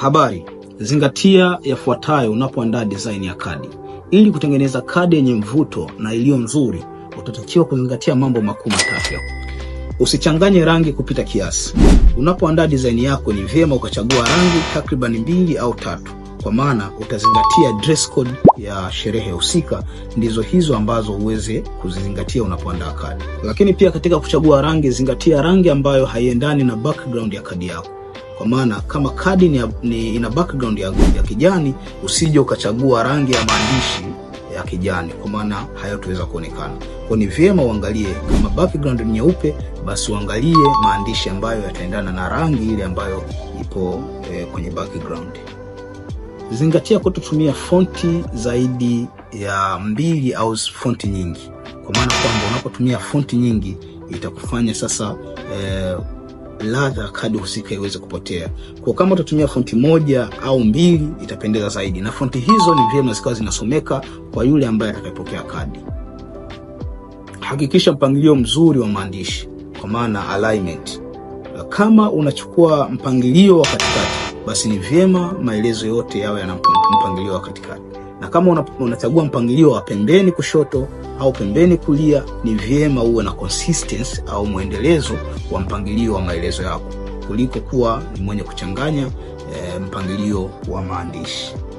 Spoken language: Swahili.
Habari. Zingatia yafuatayo unapoandaa design ya kadi. Ili kutengeneza kadi yenye mvuto na iliyo nzuri, utatakiwa kuzingatia mambo makuu matatu. Usichanganye rangi kupita kiasi. Unapoandaa design yako, ni vyema ukachagua rangi takriban mbili au tatu, kwa maana utazingatia dress code ya sherehe husika. Ndizo hizo ambazo uweze kuzizingatia unapoandaa kadi. Lakini pia katika kuchagua rangi, zingatia rangi ambayo haiendani na background ya kadi yako. Kwa maana kama kadi ni, ni ina background ya, ya kijani, usije ukachagua rangi ya maandishi ya kijani, kwa maana tuweza kuonekana. Kwa ni vyema uangalie kama background ni nyeupe, basi uangalie maandishi ambayo yataendana na rangi ile ambayo ipo e, kwenye background. Zingatia kutotumia fonti zaidi ya mbili au fonti nyingi, kwa maana kwamba unapotumia fonti nyingi itakufanya sasa e, ladha kadi husika iweze kupotea. Kwa kama utatumia fonti moja au mbili itapendeza zaidi, na fonti hizo ni vyema zikawa zinasomeka kwa yule ambaye atakayepokea kadi. Hakikisha mpangilio mzuri wa maandishi, kwa maana alignment. Kama unachukua mpangilio wa katikati basi ni vyema maelezo yote yawe yana mpangilio wa katikati, na kama unachagua mpangilio wa pembeni kushoto au pembeni kulia, ni vyema uwe na consistency au mwendelezo wa mpangilio wa maelezo yako kuliko kuwa ni mwenye kuchanganya e, mpangilio wa maandishi.